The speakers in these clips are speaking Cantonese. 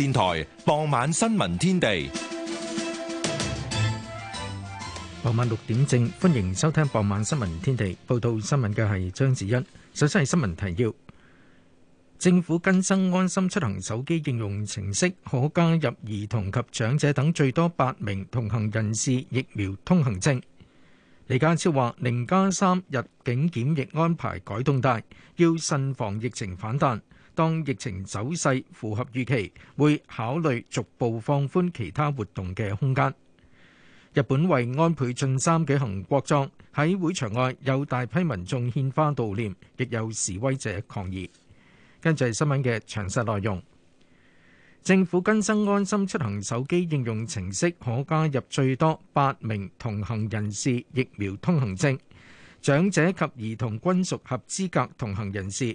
電台傍晚新聞天地，傍晚六點正，歡迎收聽傍晚新聞天地。報道新聞嘅係張子欣。首先係新聞提要：政府更新安心出行手機應用程式，可加入兒童及長者等最多八名同行人士疫苗通行證。李家超話：零加三入境檢疫安排改動大，要慎防疫情反彈。當疫情走勢符合預期，會考慮逐步放寬其他活動嘅空間。日本為安倍晉三舉行國葬，喺會場外有大批民眾獻花悼念，亦有示威者抗議。跟住係新聞嘅詳細內容。政府更新安心出行手機應用程式，可加入最多八名同行人士疫苗通行證，長者及兒童均屬合資格同行人士。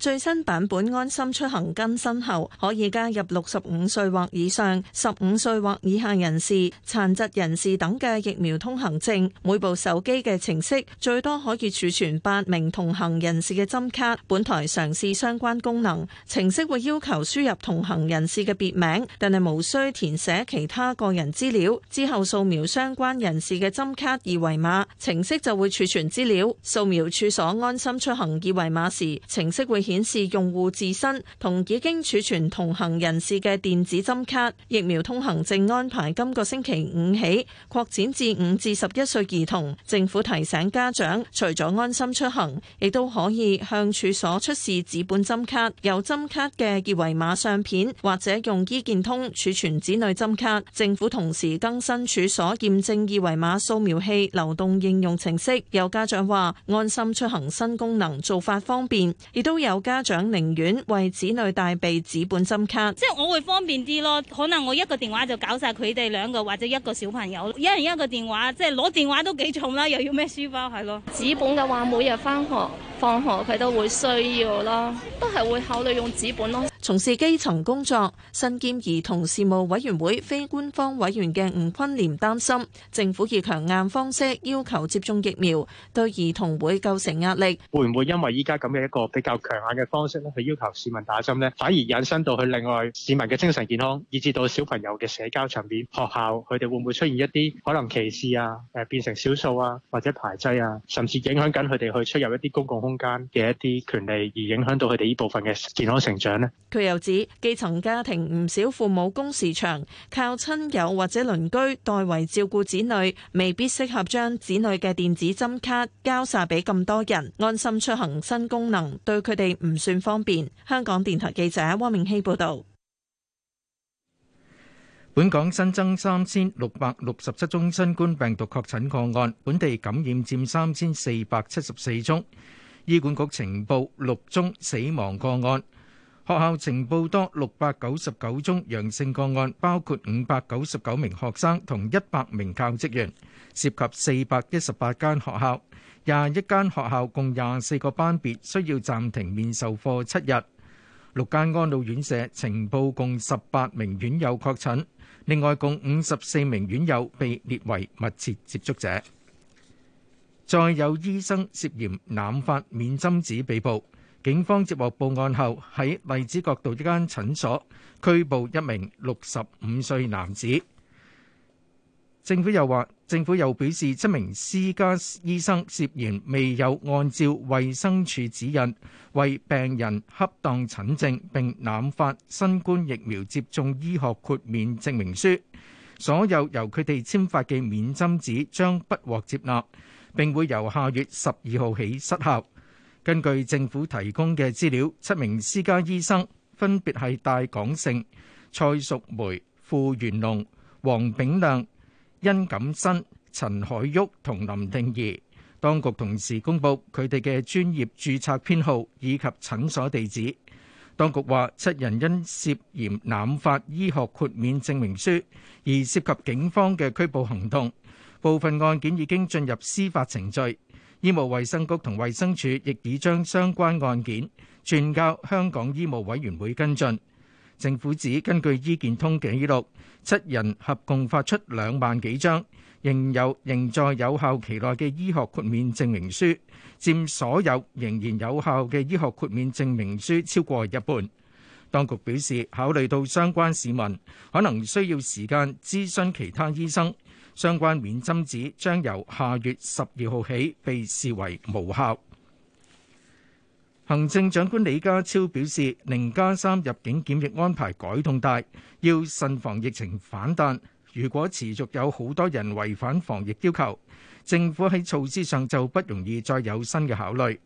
最新版本安心出行更新後，可以加入六十五歲或以上、十五歲或以下人士、殘疾人士等嘅疫苗通行證。每部手機嘅程式最多可以儲存八名同行人士嘅針卡。本台嘗試相關功能，程式會要求輸入同行人士嘅別名，但係無需填寫其他個人資料。之後掃描相關人士嘅針卡二維碼，程式就會儲存資料。掃描處所安心出行二維碼時，程式會顯示用戶自身同已經儲存同行人士嘅電子針卡疫苗通行證安排，今個星期五起擴展至五至十一歲兒童。政府提醒家長，除咗安心出行，亦都可以向處所出示紙本針卡、有針卡嘅二維碼相片或者用醫健通儲存子女針卡。政府同時更新處所驗證二維碼掃描器流動應用程式。有家長話：安心出行新功能做法方便，亦都有。家長寧願為子女帶備紙本針卡，即係我會方便啲咯。可能我一個電話就搞晒佢哋兩個或者一個小朋友，一人一個電話，即係攞電話都幾重啦，又要孭書包，係咯。紙本嘅話，每日返學、放學佢都會需要咯，都係會考慮用紙本咯。從事基層工作、身兼兒童事務委員會非官方委員嘅吳坤廉擔心，政府以強硬方式要求接種疫苗，對兒童會構成壓力。會唔會因為依家咁嘅一個比較強硬嘅方式咧，去要求市民打針呢？反而引申到佢另外市民嘅精神健康，以至到小朋友嘅社交場面、學校，佢哋會唔會出現一啲可能歧視啊、誒變成少數啊，或者排擠啊，甚至影響緊佢哋去出入一啲公共空間嘅一啲權利，而影響到佢哋呢部分嘅健康成長呢？佢又指，基層家庭唔少父母工時長，靠親友或者鄰居代為照顧子女，未必適合將子女嘅電子針卡交晒俾咁多人安心出行。新功能對佢哋唔算方便。香港電台記者汪明希報導。本港新增三千六百六十七宗新冠病毒確診個案，本地感染佔三千四百七十四宗，醫管局呈報六宗死亡個案。學校情報多六百九十九宗陽性個案，包括五百九十九名學生同一百名教職員，涉及四百一十八間學校，廿一間學校共廿四個班別需要暫停面授課七日。六間安老院舍情報共十八名院友確診，另外共五十四名院友被列為密切接觸者。再有醫生涉嫌濫發免針紙被捕。警方接獲報案後，喺荔枝角道一間診所拘捕一名六十五歲男子。政府又話，政府又表示七名私家醫生涉嫌未有按照衛生署指引為病人恰當診症並濫發新冠疫苗接種醫學豁免證明書，所有由佢哋簽發嘅免針紙將不獲接納，並會由下月十二號起失效。根據政府提供嘅資料，七名私家醫生分別係戴港勝、蔡淑梅、傅元龍、黃炳亮、殷錦新、陳海旭同林定儀。當局同時公布佢哋嘅專業註冊編號以及診所地址。當局話，七人因涉嫌濫發醫學豁免證明書而涉及警方嘅拘捕行動，部分案件已經進入司法程序。醫務衛生局同衛生署亦已將相關案件轉交香港醫務委員會跟進。政府指，根據醫健通記錄，七人合共發出兩萬幾張仍有仍在有效期內嘅醫學豁免證明書，佔所有仍然有效嘅醫學豁免證明書超過一半。當局表示，考慮到相關市民可能需要時間諮詢其他醫生。相關免針紙將由下月十二號起被視為無效。行政長官李家超表示，零加三入境檢疫安排改動大，要慎防疫情反彈。如果持續有好多人違反防疫要求，政府喺措施上就不容易再有新嘅考慮。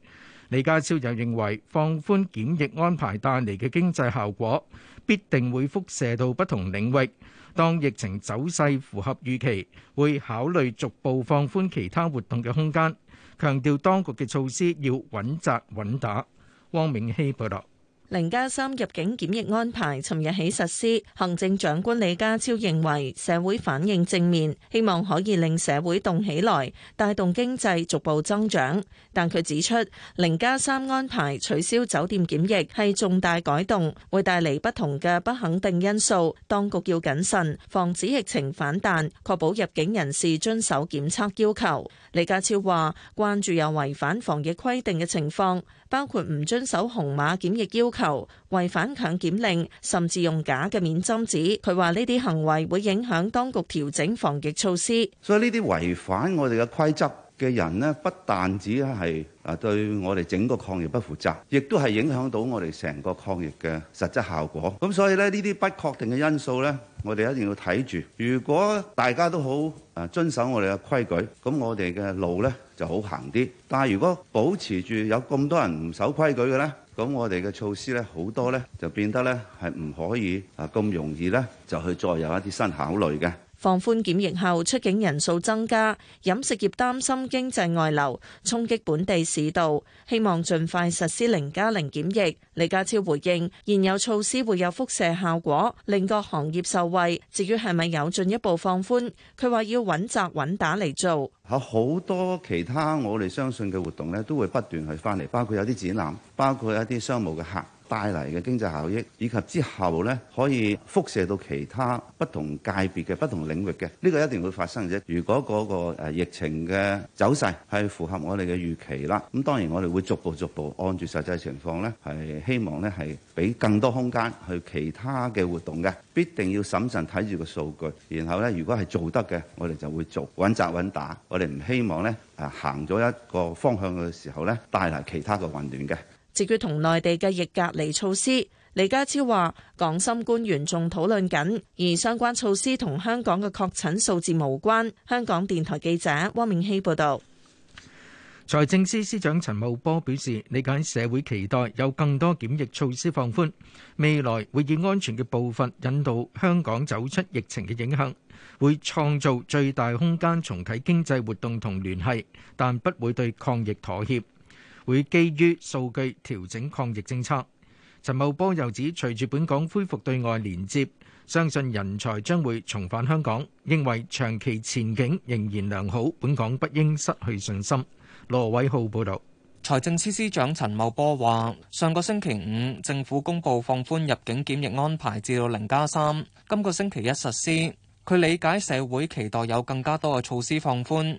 李家超又認為，放寬檢疫安排帶嚟嘅經濟效果必定會輻射到不同領域。當疫情走勢符合預期，會考慮逐步放寬其他活動嘅空間，強調當局嘅措施要穩紮穩打。汪明熙報道。零加三入境檢疫安排，尋日起實施。行政長官李家超認為社會反應正面，希望可以令社會動起來，帶動經濟逐步增長。但佢指出，零加三安排取消酒店檢疫係重大改動，會帶嚟不同嘅不肯定因素，當局要謹慎，防止疫情反彈，確保入境人士遵守檢測要求。李家超話：關注有違反防疫規定嘅情況。包括唔遵守紅碼檢疫要求、違反強檢令，甚至用假嘅免針紙。佢話呢啲行為會影響當局調整防疫措施。所以呢啲違反我哋嘅規則嘅人呢，不但止係啊對我哋整個抗疫不負責，亦都係影響到我哋成個抗疫嘅實質效果。咁所以呢，呢啲不確定嘅因素呢，我哋一定要睇住。如果大家都好啊遵守我哋嘅規矩，咁我哋嘅路呢就好行啲。但係如果保持住有咁多人唔守規矩嘅呢，咁我哋嘅措施呢好多呢，就變得呢係唔可以啊咁容易呢，就去再有一啲新考慮嘅。放寬檢疫後，出境人數增加，飲食業擔心經濟外流衝擊本地市道，希望盡快實施零加零檢疫。李家超回應：現有措施會有輻射效果，令各行業受惠。至於係咪有進一步放寬，佢話要穩紮穩打嚟做。好多其他我哋相信嘅活動咧，都會不斷去翻嚟，包括有啲展覽，包括一啲商務嘅客。帶嚟嘅經濟效益，以及之後呢可以輻射到其他不同界別嘅不同領域嘅，呢個一定會發生嘅。如果嗰個疫情嘅走勢係符合我哋嘅預期啦，咁當然我哋會逐步逐步按住實際情況呢係希望呢係俾更多空間去其他嘅活動嘅。必定要審慎睇住個數據，然後呢如果係做得嘅，我哋就會做穩紮穩打。我哋唔希望呢誒行咗一個方向嘅時候呢帶嚟其他嘅混亂嘅。至於同內地嘅疫隔離措施，李家超話：港深官員仲討論緊，而相關措施同香港嘅確診數字無關。香港電台記者汪明希報導。財政司司長陳茂波表示：理解社會期待有更多檢疫措施放寬，未來會以安全嘅步伐引導香港走出疫情嘅影響，會創造最大空間重啟經濟活動同聯繫，但不會對抗疫妥協。會基於數據調整抗疫政策。陳茂波又指，隨住本港恢復對外連接，相信人才將會重返香港，認為長期前景仍然良好，本港不應失去信心。羅偉浩報導。財政司司長陳茂波話，上個星期五政府公布放寬入境檢疫安排，至到零加三，今個星期一實施。佢理解社會期待有更加多嘅措施放寬。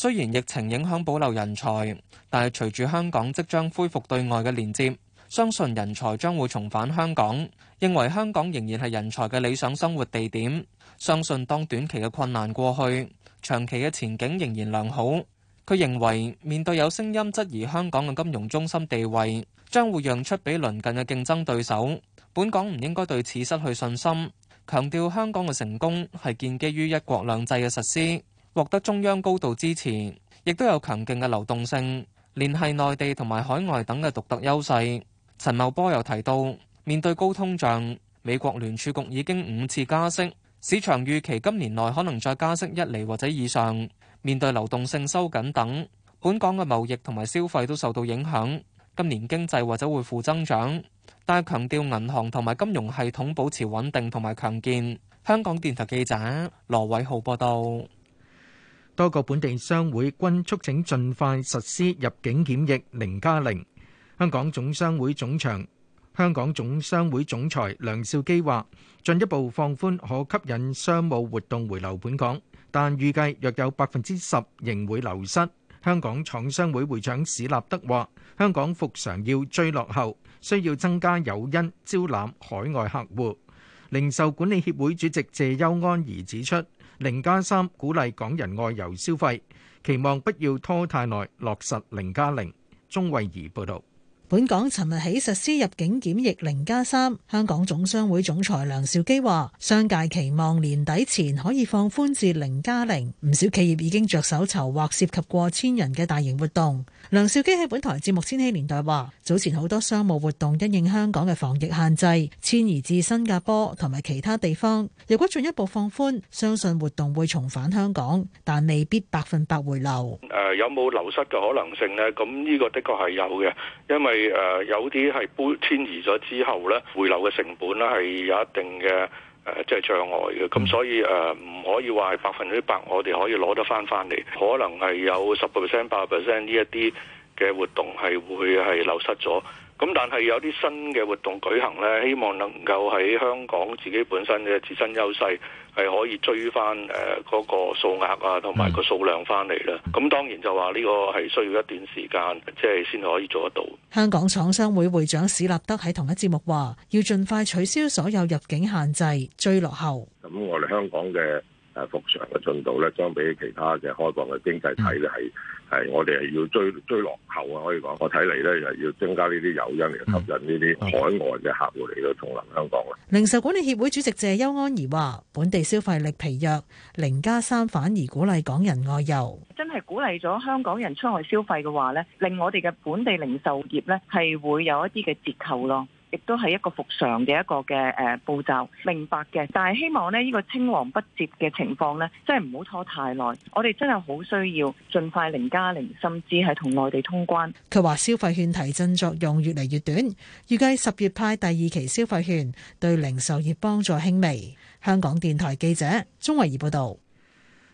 雖然疫情影響保留人才，但係隨住香港即將恢復對外嘅連接，相信人才將會重返香港，認為香港仍然係人才嘅理想生活地點。相信當短期嘅困難過去，長期嘅前景仍然良好。佢認為面對有聲音質疑香港嘅金融中心地位，將會讓出俾鄰近嘅競爭對手，本港唔應該對此失去信心。強調香港嘅成功係建基於一國兩制嘅實施。獲得中央高度支持，亦都有強勁嘅流動性，聯繫內地同埋海外等嘅獨特優勢。陳茂波又提到，面對高通脹，美國聯儲局已經五次加息，市場預期今年內可能再加息一厘或者以上。面對流動性收緊等，本港嘅貿易同埋消費都受到影響。今年經濟或者會負增長，但係強調銀行同埋金融系統保持穩定同埋強健。香港電台記者羅偉浩報道。多個本地商會均促請盡快實施入境檢疫零加零。香港總商會總長、香港總商會總裁梁兆基話：進一步放寬可吸引商務活動回流本港，但預計約有百分之十仍會流失。香港廠商會會長史立德話：香港復常要追落後，需要增加誘因招攬海外客戶。零售管理協會主席謝邱安儀指出，零加三鼓勵港人外遊消費，期望不要拖太耐，落實零加零。鍾慧儀報導。本港尋日起實施入境檢疫零加三，香港總商會總裁梁兆基話：商界期望年底前可以放寬至零加零，唔少企業已經着手籌劃涉及過千人嘅大型活動。梁兆基喺本台節目《千禧年代》話：早前好多商務活動因應香港嘅防疫限制，遷移至新加坡同埋其他地方。如果進一步放寬，相信活動會重返香港，但未必百分百回流。誒，有冇流失嘅可能性呢？咁呢個的確係有嘅，因為誒有啲係搬遷移咗之後咧，回流嘅成本咧係有一定嘅誒，即係障礙嘅。咁所以誒，唔可以話係百分之百我哋可以攞得翻翻嚟，可能係有十個 percent、百 percent 呢一啲嘅活動係會係流失咗。咁但係有啲新嘅活動舉行咧，希望能夠喺香港自己本身嘅自身優勢係可以追翻誒嗰個數額啊，同埋個數量翻嚟啦。咁 當然就話呢個係需要一段時間，即係先可以做得到。香港廠商會會長史立德喺同一節目話要盡快取消所有入境限制，追落後，咁我哋香港嘅誒、啊、復常嘅進度咧，相比其他嘅開放嘅經濟體咧，係係我哋係要追追落後啊，可以講。我睇嚟咧，又要增加呢啲誘因嚟吸引呢啲海外嘅客戶嚟到重臨香港啦。 零售管理協會主席謝邱安儀話：本地消費力疲弱，零加三反而鼓勵港人外遊， 真係鼓勵咗香港人出外消費嘅話咧，令我哋嘅本地零售業咧係會有一啲嘅折扣咯。亦都係一個復常嘅一個嘅誒步驟，明白嘅。但係希望呢依個青黃不接嘅情況呢，真係唔好拖太耐。我哋真係好需要盡快零加零，甚至係同內地通關。佢話消費券提振作用越嚟越短，預計十月派第二期消費券對零售業幫助輕微。香港電台記者鍾慧儀報道。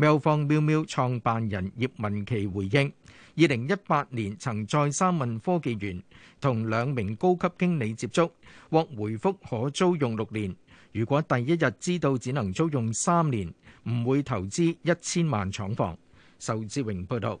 妙房妙妙創辦人葉文琪回應：二零一八年曾再三問科技園同兩名高級經理接觸，獲回覆可租用六年。如果第一日知道只能租用三年，唔會投資一千萬廠房。仇志榮報道。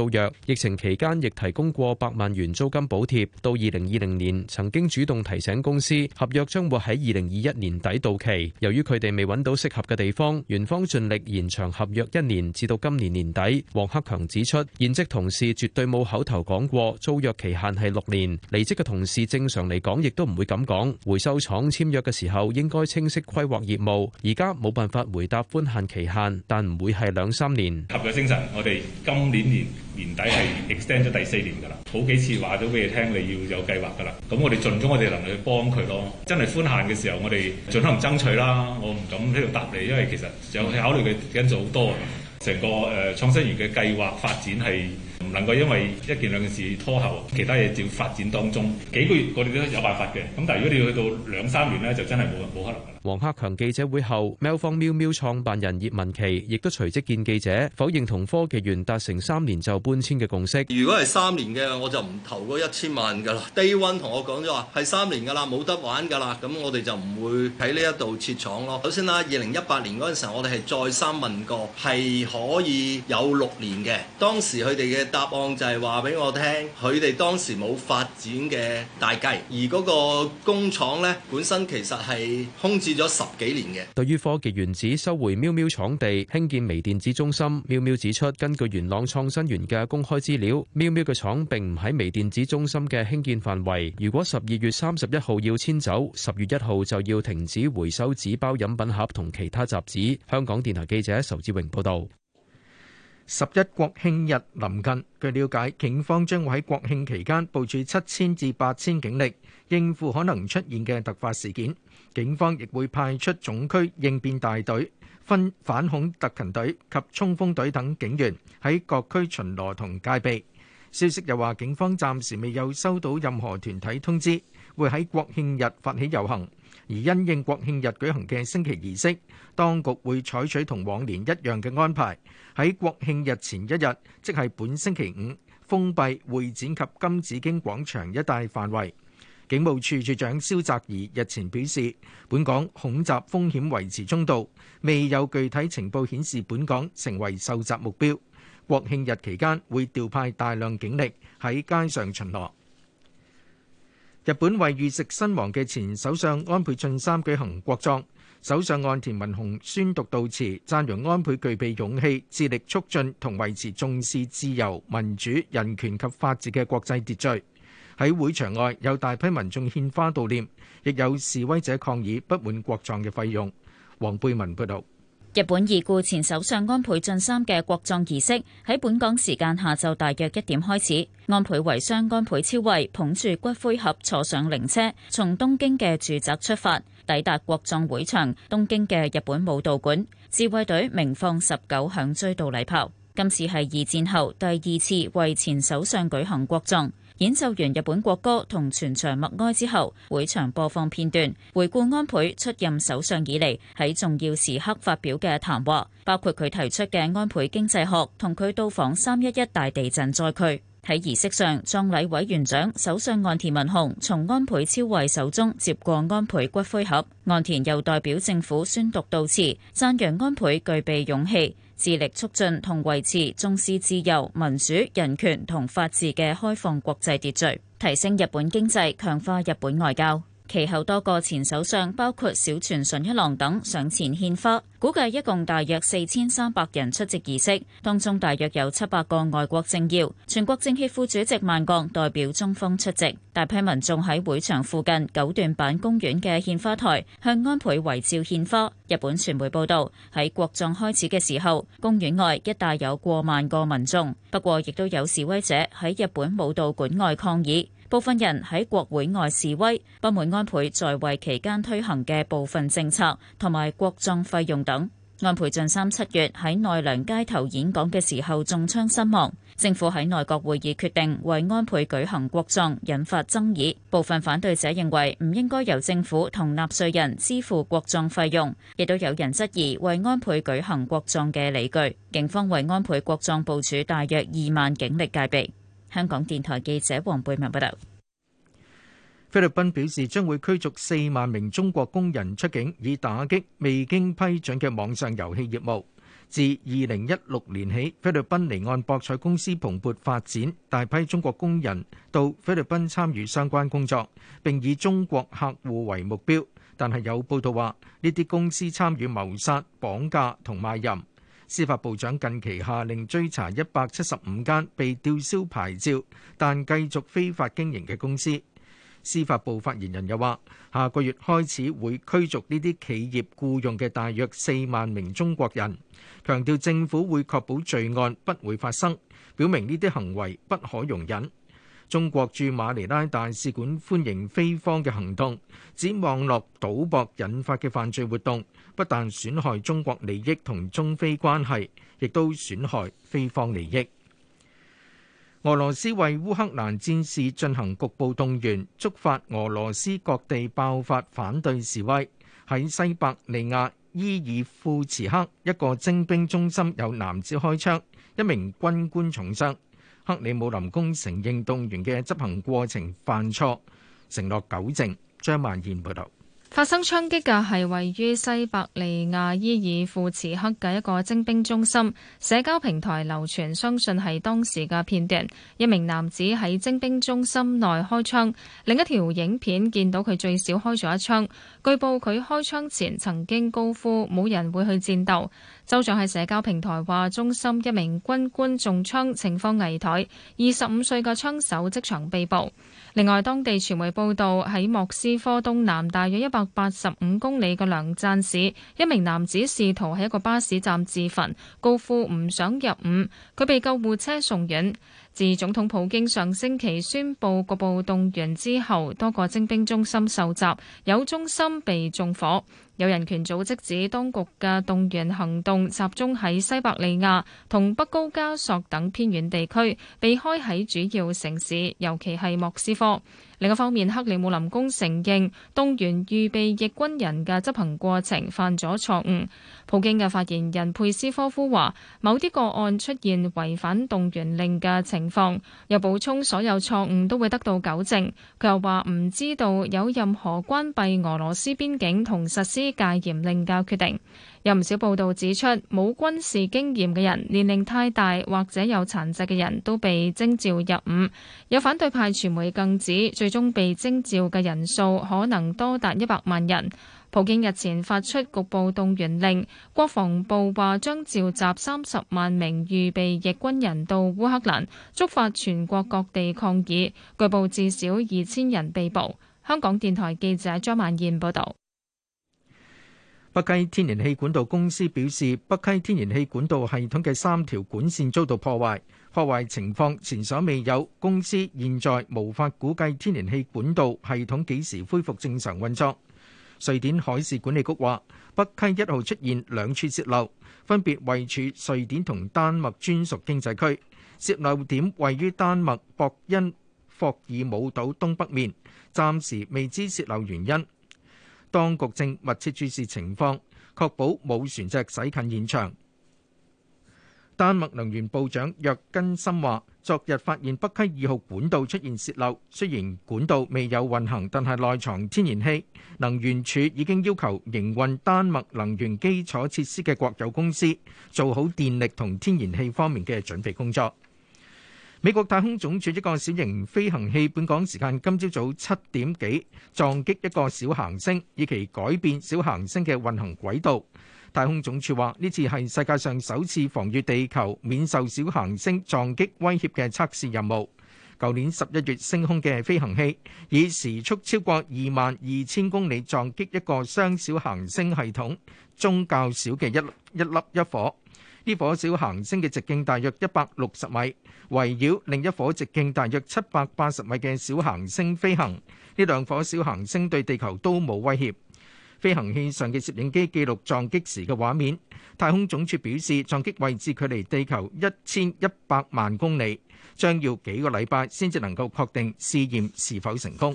租約，疫情期間亦提供過百萬元租金補貼。到二零二零年，曾經主動提醒公司合約將會喺二零二一年底到期。由於佢哋未揾到適合嘅地方，園方盡力延長合約一年，至到今年年底。黃克強指出，現職同事絕對冇口頭講過租約期限係六年。離職嘅同事正常嚟講，亦都唔會咁講。回收廠簽約嘅時候應該清晰規劃業務，而家冇辦法回答寬限期限，但唔會係兩三年。合約精神，我哋今年年。年底係 extend 咗第四年㗎啦，好幾次話咗俾你聽，你要有計劃㗎啦。咁我哋盡咗我哋能力去幫佢咯。真係寬限嘅時候，我哋盡可能爭取啦。我唔敢呢度答你，因為其實有考慮嘅因素好多。成個誒、呃、創新園嘅計劃發展係唔能夠因為一件兩件事拖後，其他嘢照發展當中幾個月，我哋都有辦法嘅。咁但係如果你要去到兩三年咧，就真係冇冇可能㗎啦。黃克強記者會後，喵方喵喵創辦人葉文琪亦都隨即見記者，否認同科技園達成三年就搬遷嘅共識。如果係三年嘅，我就唔投嗰一千萬噶啦。Day One 同我講咗話係三年噶啦，冇得玩噶啦。咁我哋就唔會喺呢一度設廠咯。首先啦，二零一八年嗰陣時候，我哋係再三問過，係可以有六年嘅。當時佢哋嘅答案就係話俾我聽，佢哋當時冇發展嘅大計，而嗰個工廠呢，本身其實係空置。跌咗十幾年嘅。對於科技園址收回喵喵喵廠地興建微電子中心，喵喵指出，根據元朗創新園嘅公開資料，喵喵嘅廠並唔喺微電子中心嘅興建範圍。如果十二月三十一號要遷走，十月一號就要停止回收紙包飲品盒同其他雜紙。香港電台記者仇志榮報道，十一國慶日臨近，據了解，警方將會喺國慶期間部署七千至八千警力，應付可能出現嘅突發事件。警方亦會派出總區應變大隊、分反恐特勤隊及衝鋒隊等警員喺各區巡邏同戒備。消息又話，警方暫時未有收到任何團體通知會喺國慶日發起遊行，而因應國慶日舉行嘅升旗儀式，當局會採取同往年一樣嘅安排，喺國慶日前一日，即係本星期五，封閉會展及金紫荊廣場一帶範圍。警務處處長蕭澤頤日前表示，本港恐襲風險維持中度，未有具體情報顯示本港成為受襲目標。國慶日期間會調派大量警力喺街上巡邏。日本為遇襲身亡嘅前首相安倍晉三舉行國葬，首相岸田文雄宣讀悼詞，讚揚安倍具備勇氣，致力促進同維持重視自由、民主、人權及法治嘅國際秩序。喺會場外有大批民眾獻花悼念，亦有示威者抗議不滿國葬嘅費用。黃貝文報導，日本已故前首相安倍晉三嘅國葬儀式喺本港時間下晝大約一點開始。安倍遺孀安倍昭惠捧住骨灰盒坐上靈車，從東京嘅住宅出發，抵達國葬會場。東京嘅日本武道館，自衛隊鳴放十九響追悼禮炮。今次係二戰後第二次為前首相舉行國葬。演奏完日本國歌同全場默哀之後，會場播放片段回顧安倍出任首相以嚟喺重要時刻發表嘅談話，包括佢提出嘅安倍經濟學同佢到訪三一一大地震災區。喺儀式上，葬禮委員長首相岸田文雄從安倍昭惠手中接過安倍骨灰盒，岸田又代表政府宣讀悼詞，讚揚安倍具備勇氣。致力促進同維持重視自由、民主、人權同法治嘅開放國際秩序，提升日本經濟，強化日本外交。其後多個前首相，包括小泉純一郎等，上前獻花。估計一共大約四千三百人出席儀式，當中大約有七百個外國政要。全國政協副主席萬鋼代表中方出席。大批民眾喺會場附近九段坂公園嘅獻花台向安倍遺照獻花。日本傳媒報道喺國葬開始嘅時候，公園外一帶有過萬個民眾，不過亦都有示威者喺日本武道館外抗議。部分人喺國會外示威，不滿安倍在位期間推行嘅部分政策同埋國葬費用等。安倍晉三七月喺奈良街頭演講嘅時候中槍身亡，政府喺內閣會議決定為安倍舉行國葬，引發爭議。部分反對者認為唔應該由政府同納稅人支付國葬費用，亦都有人質疑為安倍舉行國葬嘅理據。警方為安倍國葬部署大約二萬警力戒備。香港電台記者王貝文報道，菲律賓表示將會驅逐四萬名中國工人出境，以打擊未經批准嘅網上遊戲業務。自二零一六年起，菲律賓離岸博彩公司蓬勃發展，大批中國工人到菲律賓參與相關工作，並以中國客戶為目標。但係有報道話，呢啲公司參與謀殺、綁架同賣淫。司法部長近期下令追查一百七十五間被吊銷牌照但繼續非法經營嘅公司。司法部發言人又話：下個月開始會驅逐呢啲企業僱用嘅大約四萬名中國人，強調政府會確保罪案不會發生，表明呢啲行為不可容忍。中國駐馬尼拉大使館歡迎菲方嘅行動，指網絡賭博引發嘅犯罪活動不但損害中國利益同中菲關係，亦都損害菲方利益。俄羅斯為烏克蘭戰事進行局部動員，觸發俄羅斯各地爆發反對示威。喺西伯利亞伊爾庫茨克一個徵兵中心有男子開槍，一名軍官重傷。克里姆林宮承認動員嘅執行過程犯錯，承諾糾正。張曼燕報道，發生槍擊嘅係位於西伯利亞伊爾庫茨克嘅一個徵兵中心。社交平台流傳相信係當時嘅片段，一名男子喺徵兵中心內開槍。另一條影片見到佢最少開咗一槍。據報佢開槍前曾經高呼冇人會去戰鬥。州長喺社交平台話，中心一名軍官中槍，情況危殆。二十五歲嘅槍手即場被捕。另外，當地傳媒報道喺莫斯科東南大約一百八十五公里嘅梁贊市，一名男子試圖喺一個巴士站自焚，高呼唔想入伍，佢被救護車送院。自總統普京上星期宣布局部動員之後，多個徵兵中心受襲，有中心被縱火。有人權組織指，當局嘅動員行動集中喺西伯利亞同北高加索等偏遠地區，避開喺主要城市，尤其係莫斯科。另一方面，克里姆林宮承認動員預備役軍人嘅執行過程犯咗錯誤。普京嘅發言人佩斯科夫話，某啲個案出現違反動員令嘅情況，又補充所有錯誤都會得到糾正。佢又話唔知道有任何關閉俄羅斯邊境同實施戒嚴令嘅決定。有唔少報道指出，冇軍事經驗嘅人、年齡太大或者有殘疾嘅人都被徵召入伍。有反對派傳媒更指，最終被徵召嘅人數可能多達一百萬人。普京日前發出局部動員令，國防部話將召集三十萬名預備役軍人到烏克蘭，觸發全國各地抗議。據報至少二千人被捕。香港電台記者張萬燕報導。北溪天然氣管道公司表示，北溪天然氣管道系統嘅三條管線遭到破壞，破壞情況前所未有。公司現在無法估計天然氣管道系統幾時恢復正常運作。瑞典海事管理局話，北溪一號出現兩處泄漏，分別位處瑞典同丹麥專屬經濟區。泄漏點位於丹麥博恩霍爾姆島東北面，暫時未知泄漏原因。當局正密切注視情況，確保冇船隻駛近現場。丹麥能源部長約根森話，昨日發現北溪二號管道出現泄漏，雖然管道未有運行，但係內藏天然氣。能源署已經要求營運丹麥能源基礎設施嘅國有公司做好電力同天然氣方面嘅準備工作。美國太空總署一個小型飛行器，本港時間今朝早七點幾撞擊一個小行星，以期改變小行星嘅運行軌道。太空總署話呢次係世界上首次防禦地球免受小行星撞擊威脅嘅測試任務。舊年十一月升空嘅飛行器，以時速超過二萬二千公里撞擊一個雙小行星系統中較小嘅一一粒一顆。呢顆小行星嘅直徑大約一百六十米，圍繞另一顆直徑大約七百八十米嘅小行星飛行。呢兩顆小行星對地球都冇威脅。飛行器上嘅攝影機記錄撞擊時嘅畫面。太空總署表示，撞擊位置距離地球一千一百萬公里，將要幾個禮拜先至能夠確定試驗是否成功。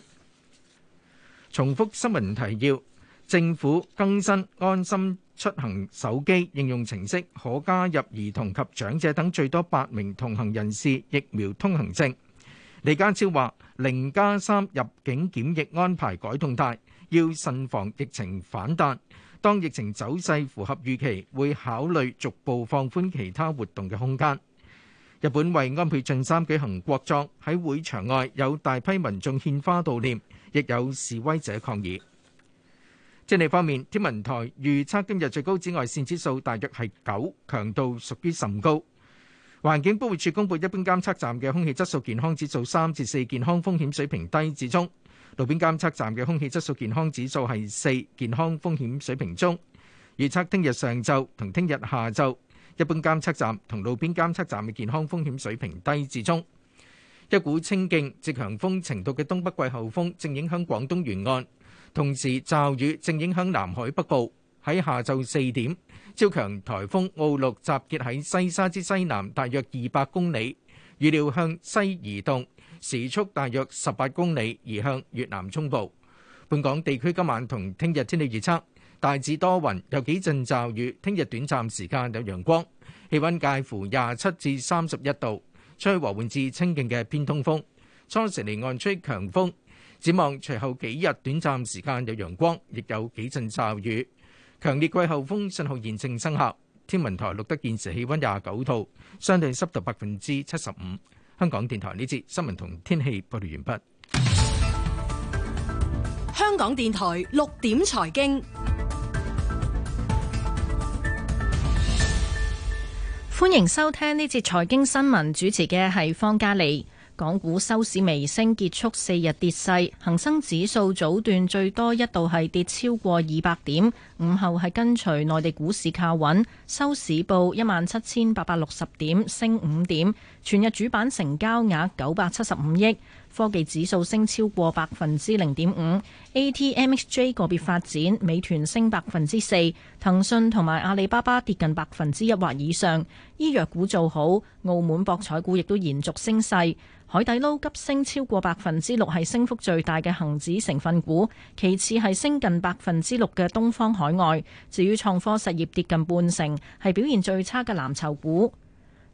重複新聞提要：政府更新安心出行手機應用程式可加入兒童及長者等最多八名同行人士疫苗通行證。李家超話：零加三入境檢疫安排改動大，要慎防疫情反彈。當疫情走勢符合預期，會考慮逐步放寬其他活動嘅空間。日本為安倍晉三舉行國葬，喺會場外有大批民眾獻花悼念，亦有示威者抗議。天氣方面，天文台預測今日最高紫外線指數大約係九，強度屬於甚高。環境保護署公佈，一般監測站嘅空氣質素健康指數三至四，健康風險水平低至中；路邊監測站嘅空氣質素健康指數係四，健康風險水平中。預測聽日上晝同聽日下晝，一般監測站同路邊監測站嘅健康風險水平低至中。一股清勁直強風程度嘅東北季候風正影響廣東沿岸。同時，驟雨正影響南海北部。喺下晝四點，超強颱風奧鹿集結喺西沙之西南，大約二百公里，預料向西移動，時速大約十八公里，移向越南中部。本港地區今晚同聽日天氣預測，大致多雲，有幾陣驟雨。聽日短暫時間有陽光，氣温介乎廿七至三十一度，吹和緩至清勁嘅偏東風，初時離岸吹強風。展望隨後幾日短暫時間有陽光，亦有幾陣驟雨。強烈季候風信號現正生效。天文台錄得現時氣溫廿九度，相對濕度百分之七十五。香港電台呢節新聞同天氣報道完畢。香港電台六點財經，歡迎收聽呢節財經新聞，主持嘅係方嘉利。港股收市微升，結束四日跌勢。恒生指數早段最多一度係跌超過二百點，午後係跟隨內地股市靠穩，收市報一萬七千八百六十點，升五點。全日主板成交額九百七十五億。科技指數升超過百分之零點五，A T M X J 個別發展，美團升百分之四，騰訊同埋阿里巴巴跌近百分之一或以上。醫藥股做好，澳門博彩股亦都延續升勢，海底撈急升超過百分之六，係升幅最大嘅恒指成分股，其次係升近百分之六嘅東方海外。至於創科實業跌近半成，係表現最差嘅藍籌股。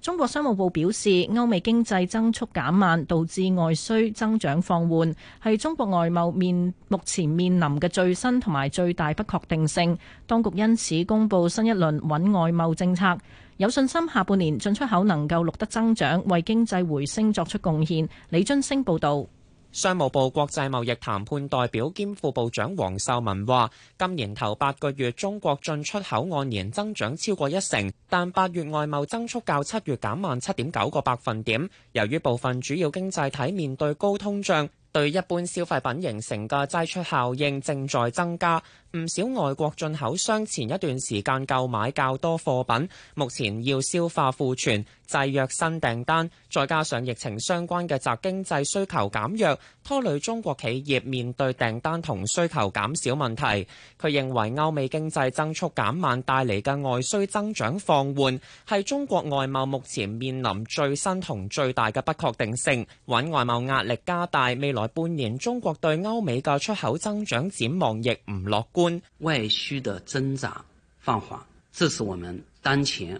中國商務部表示，歐美經濟增速減慢，導致外需增長放緩，係中國外貿面目前面臨嘅最新同埋最大不確定性。當局因此公布新一輪穩外貿政策。有信心，下半年，進出口能夠錄得增長，為經濟回升作出貢獻。李津升報道。商務部國際貿易談判代表兼副部長王受文話：今年頭八個月，中國進出口按年增長超過一成，但八月外貿增速較七月減慢七點九個百分點。由於部分主要經濟體面對高通脹，對一般消費品形成嘅擠出效應正在增加，唔少外國進口商前一段時間購買較多貨品，目前要消化庫存，制約新訂單，再加上疫情相關嘅集經濟需求減弱，拖累中國企業面對訂單同需求減少問題。佢認為歐美經濟增速減慢帶嚟嘅外需增長放緩，係中國外貿目前面臨最新同最大嘅不確定性，穩外貿壓力加大。未來半年中國對歐美嘅出口增長展望亦唔樂觀，外需的增長放緩，這是我們當前。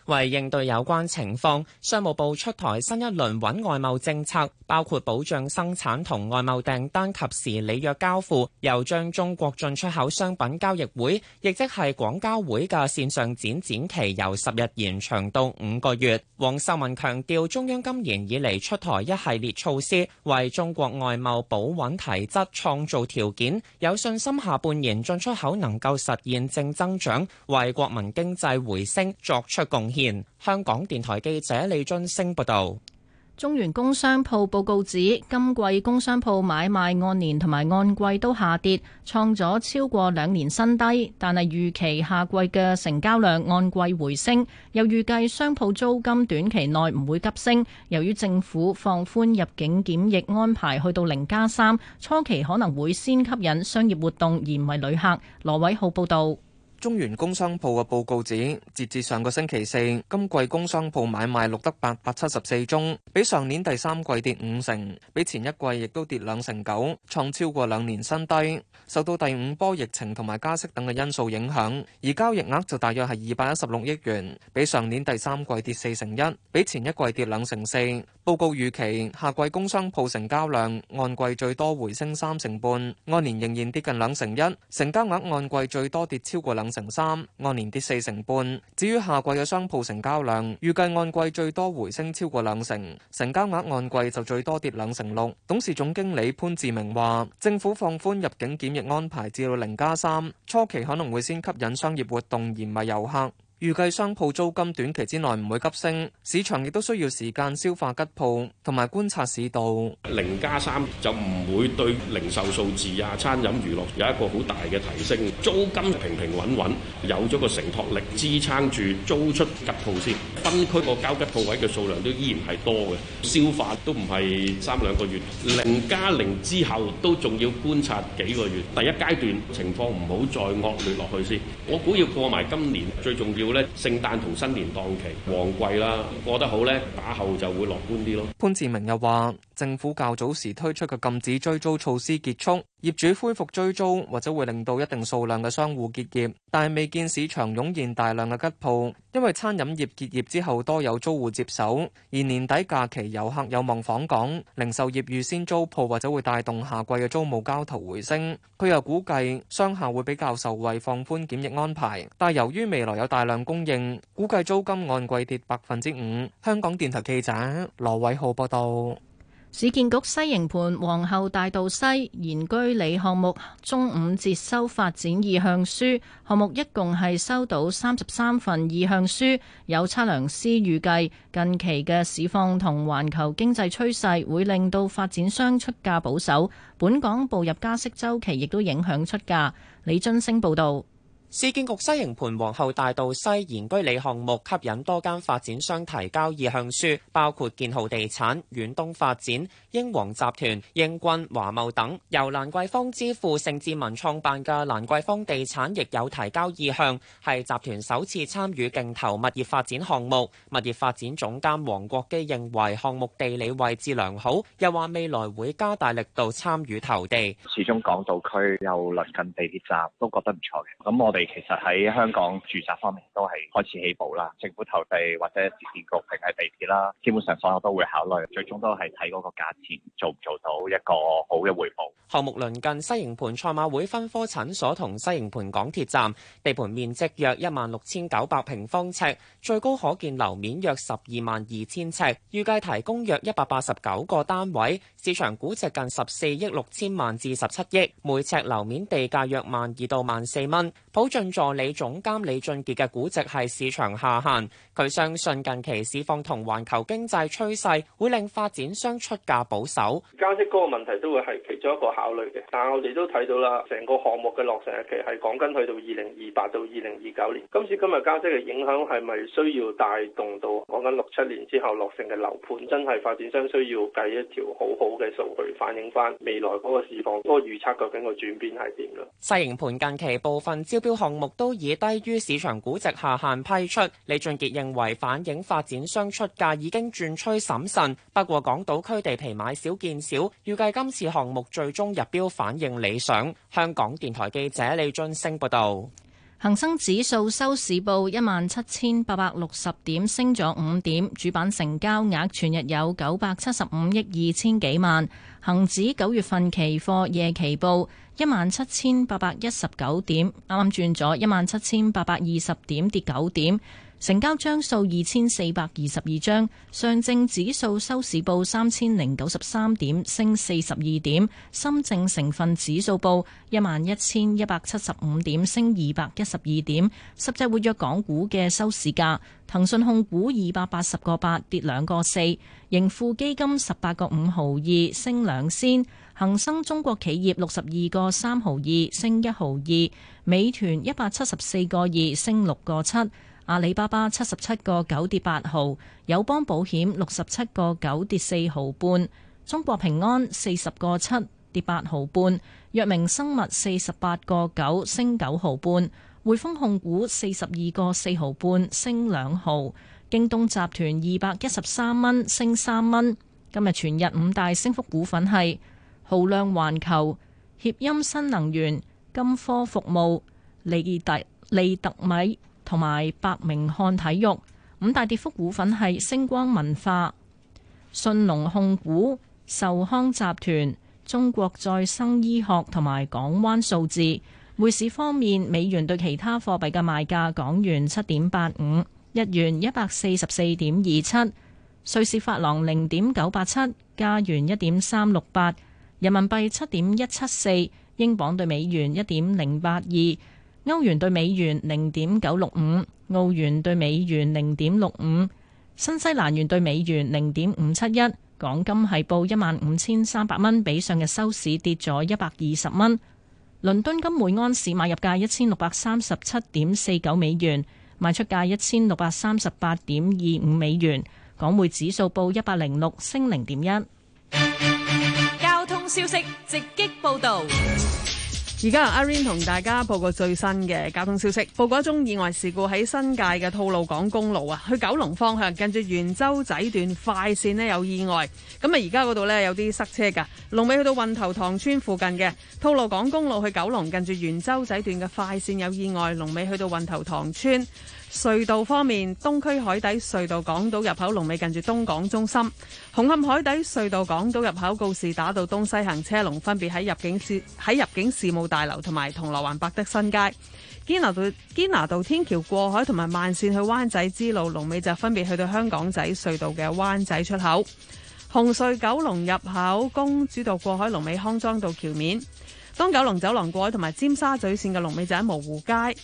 為應對有關情況，商務部出台新一輪穩外貿政策，包括保障生產同外貿訂單及時履約交付，又將中國進出口商品交易會，亦即係廣交會嘅線上展展期由十日延長到五個月。王受文強調，中央今年以嚟，出台一系列措施，為中國外貿保穩提質創造條件，有信心下半年進出口能夠實現正增長，為國民經濟回升作出貢獻。香港電台記者李俊升報道：中原工商鋪報告指，今季工商鋪買賣按年同埋按季都下跌，創咗超過兩年新低。但係預期下季嘅成交量按季回升，又預計商鋪租金短期內唔會急升。由於政府放寬入境檢疫安排去到零加三，初期可能會先吸引商業活動而唔係旅客。羅偉浩報道。中原工商鋪嘅報告指，截至上個星期四，今季工商鋪買賣錄得八百七十四宗，比上年第三季跌五成，比前一季亦都跌兩成九，創超過兩年新低。受到第五波疫情同埋加息等嘅因素影響，而交易額就大約係二百一十六億元，比上年第三季跌四成一，比前一季跌兩成四。報告預期下季工商鋪成交量按季最多回升三成半，按年仍然跌近兩成一，成交額按季最多跌超過兩成，成三，按年跌四成半。至於下季嘅商鋪成交量，預計按季最多回升超過兩成，成交額按季就最多跌兩成六。董事總經理潘志明話，政府放寬入境檢疫安排至到零加三，初期可能會先吸引商業活動，而唔係遊客。預計商鋪租金短期之內唔會急升，市場亦都需要時間消化吉鋪，同埋觀察市道。零加三就唔會對零售數字啊、餐飲娛樂有一個好大嘅提升。租金平平穩穩，有咗個承托力，支撐住租出吉鋪先。分區個交吉鋪位嘅數量都依然係多嘅，消化都唔係三兩個月。零加零之後都仲要觀察幾個月，第一階段情況唔好再惡劣落去先。我估要過埋今年，最重要。咧聖誕同新年檔期旺季啦，過得好咧，打後就會樂觀啲咯。潘志明又話。政府較早時推出嘅禁止追租措施結束，業主恢復追租或者會令到一定數量嘅商戶結業，但係未見市場湧現大量嘅吉鋪，因為餐飲業結業之後多有租戶接手，而年底假期遊客有望訪港，零售業預先租鋪或者會帶動下季嘅租務交投回升。佢又估計商廈會比較受惠放寬檢疫安排，但由於未來有大量供應，估計租金按季跌百分之五。香港電台記者羅偉浩報道。市建局西營盤皇后大道西賢居里項目中午接收發展意向書，項目一共係收到三十三份意向書。有測量師預計，近期嘅市況同環球經濟趨勢會令到發展商出價保守。本港步入加息周期，亦都影響出價。李津升報道。市建局西營盤皇后大道西賢居里項目吸引多間發展商提交意向書，包括建豪地產、遠東發展、英皇集團、鷹君、華懋等。由蘭桂坊之父盛智文創辦嘅蘭桂坊地產亦有提交意向，係集團首次參與競投物業發展項目。物業發展總監黃國基認為項目地理位置良好，又話未來會加大力度參與投地。始終港島區又鄰近地鐵站，都覺得唔錯嘅。咁我哋其實喺香港住宅方面都係開始起步啦。政府投地或者市建局，定係地鐵啦，基本上所有都會考慮。最終都係睇嗰個價錢，做唔做到一個好嘅回報。項目鄰近西營盤賽馬會分科診所同西營盤港鐵站，地盤面積約一萬六千九百平方尺，最高可建樓面約十二萬二千尺，預計提供約一百八十九個單位，市場估值近十四億六千萬至十七億，每尺樓面地價約 12, 14, 萬二到萬四蚊。普晉助理總監李俊傑嘅估值係市場下限，佢相信近期市況同環球經濟趨勢會令發展商出價保守。加息嗰個問題都會係其中一個考慮嘅，但係我哋都睇到啦，成個項目嘅落成日期係講緊去到二零二八到二零二九年。今次今日加息嘅影響係咪需要帶動到講緊六七年之後落成嘅樓盤，真係發展商需要計一條好好嘅數據，反映翻未來嗰個市況、嗰個預測究竟個轉變係點咧？細營盤近期部分招，目標項目都已低於市場估值下限批出，李俊杰認為反映發展商出價已經轉趨審慎。不過港島區地皮買少見少，預計今次項目最終入標反應理想。香港電台記者李俊升報道。恒生指數收市報一萬七千八百六十點，升咗五點。主板成交額全日有九百七十五億二千幾萬。恒指九月份期貨夜期報。一萬七千八百一十九點，啱啱轉咗一萬七千八百二十點，跌九點。成交張數二千四百二十二張。上證指數收市報三千零九十三點，升四十二點。深證成分指數報一萬一千一百七十五點，升二百一十二點。十隻活躍港股嘅收市價：騰訊控股二百八十個八，跌兩個四；盈富基金十八個五毫二，升兩仙。恒生中國企業六十二個三毫二升一毫二，美團一百七十四個二升六個七，阿里巴巴七十七個九跌八毫，友邦保險六十七個九跌四毫半，中國平安四十個七跌八毫半，藥明生物四十八個九升九毫半，匯豐控股四十二個四毫半升兩毫，京東集團二百一十三蚊升三蚊。今日全日五大升幅股份係。豪量環球、協鑫新能源、金科服務、利特利特米同埋百明漢體育。五大跌幅股份係星光文化、信隆控股、壽康集團、中國再生醫學同埋港灣數字。匯市方面，美元對其他貨幣嘅賣價：港元七點八五，日元一百四十四點二七，瑞士法郎零點九八七，加元一點三六八，人民幣七點一七四，英鎊兌美元一點零八二，歐元兌美元零點九六五，澳元兌美元零點六五，新西蘭元兌美元零點五七一。港金係報一萬五千三百蚊，比上日收市跌咗一百二十蚊。倫敦金每安士買入價一千六百三十七點四九美元，賣出價一千六百三十八點二五美元。港匯指數報一百零六，升零點一。消息直擊報道，而家阿阿 Rain 同大家報告最新嘅交通消息。報告一宗意外事故喺新界嘅吐露港公路啊，去九龍方向，近住元洲仔段快線呢，有意外，咁啊而家嗰度呢，有啲塞車噶。龍尾去到運頭塘村附近嘅吐露港公路去九龍，近住元洲仔段嘅快線有意外，龍尾去到運頭塘村。隧道方面，東區海底隧道港島入口龍尾近住東港中心；紅磡海底隧道港島入口告士打道東西行車龍分別喺入境事喺入境事務大樓同埋銅鑼灣百德新街；堅拿道堅拿道天橋過海同埋慢線去灣仔之路龍尾就分別去到香港仔隧道嘅灣仔出口；紅隧九龍入口公主道過海龍尾康莊道橋面；東九龍走廊過海同埋尖沙咀線嘅龍尾就喺模糊街。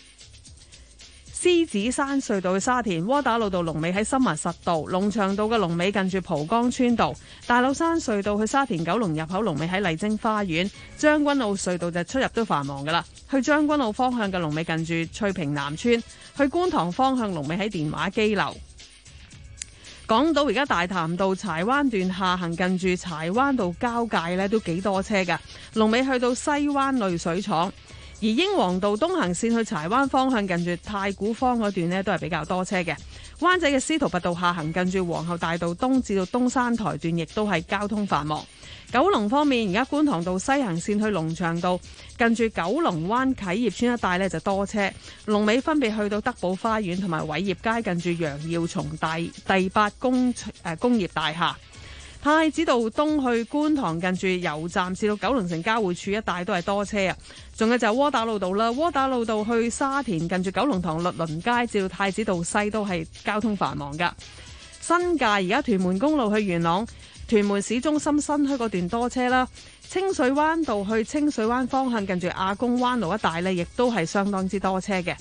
獅子山隧道去沙田窩打老道龍尾喺深雲十道，龍翔道嘅龍尾近住蒲崗村道；大老山隧道去沙田九龍入口龍尾喺麗晶花園，將軍澳隧道就出入都繁忙噶啦。去將軍澳方向嘅龍尾近住翠屏南村，去觀塘方向龍尾喺電話機樓。港島而家大潭道柴灣段下行近住柴灣道交界呢，都幾多車噶，龍尾去到西灣濾水廠。而英皇道東行線去柴灣方向，近住太古坊嗰段咧，都係比較多車嘅。灣仔嘅司徒拔道下行，近住皇后大道東至到東山台段，亦都係交通繁忙。九龍方面，而家觀塘道西行線去龍翔道，近住九龍灣啟業村一帶呢就多車。龍尾分別去到德寶花園同埋偉業街，近住楊耀松大第，第八工誒、呃、工業大廈。.太子道東去觀塘，近住油站至到九龍城交匯處一帶都係多車啊，仲有就係窩打老道啦。窩打老道去沙田，近住九龍塘律倫街至到太子道西都係交通繁忙噶。新界而家屯門公路去元朗、屯門市中心新墟嗰段多車啦。清水灣道去清水灣方向，近住亞公灣路一帶呢，亦都係相當之多車嘅。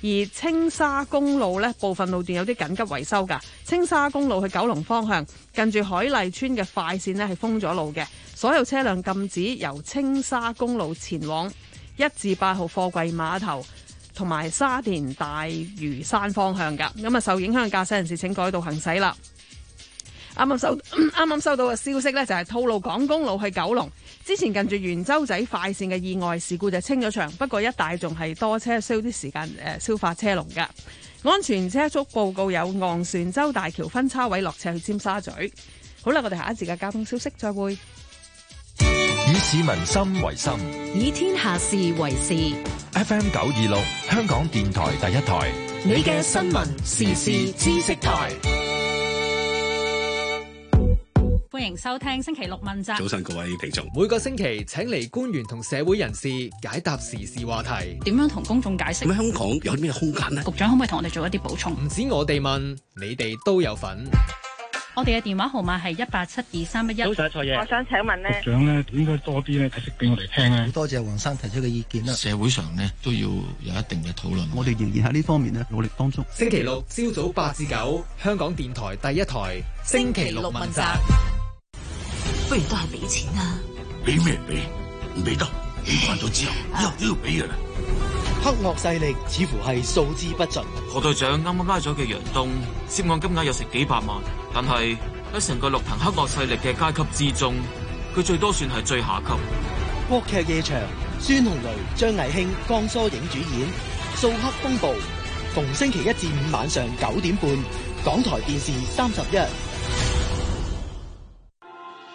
而青沙公路咧，部分路段有啲緊急維修噶。青沙公路去九龍方向，近住海麗村嘅快線咧係封咗路嘅，所有車輛禁止由青沙公路前往一至八號貨櫃碼頭同埋沙田大嶼山方向噶。咁啊，受影響駕駛人士請改道行駛啦。啱啱收，啱啱收到嘅消息呢，就係吐露港公路去九龍。之前近住元洲仔快綫嘅意外事故就清咗場，不過一帶仲係多車，需要啲時間誒、呃、消化車龍㗎。安全車速報告有昂船洲大橋分叉位落車去尖沙咀。好啦，我哋下一節嘅交通消息，再會。以市民心為心，以天下事為事。F M 九二六，香港電台第一台，你嘅新聞時事知識台。歡迎收聽星期六問責。早晨各位聽眾，每個星期請嚟官員同社會人士解答時事話題，點樣同公眾解釋？香港有啲咩空間咧？局長可唔可以同我哋做一啲補充？唔止我哋問，你哋都有份。我哋嘅電話號碼係一八七二三一一。我想請問呢，局長咧應該多啲咧解釋俾我哋聽咧。多謝黃生提出嘅意見啦，社會上呢，都要有一定嘅討論，我哋仍然喺呢方面咧努力當中。星期六朝早八至九，香港電台第一台星期六問責。不如都係俾錢啊，俾咩俾？唔俾得，俾完咗之後，一都 要俾噶啦。黑惡勢力似乎係數之不盡。何隊長啱啱拉咗嘅楊東，涉案金額有成幾百萬，但係喺成個綠藤黑惡勢力嘅階級之中，佢最多算係最下級。國劇夜場，孫紅雷、張藝興、江疏影主演《掃黑風暴》，逢星期一至五晚上九點半，港台電視三十一。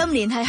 今年係。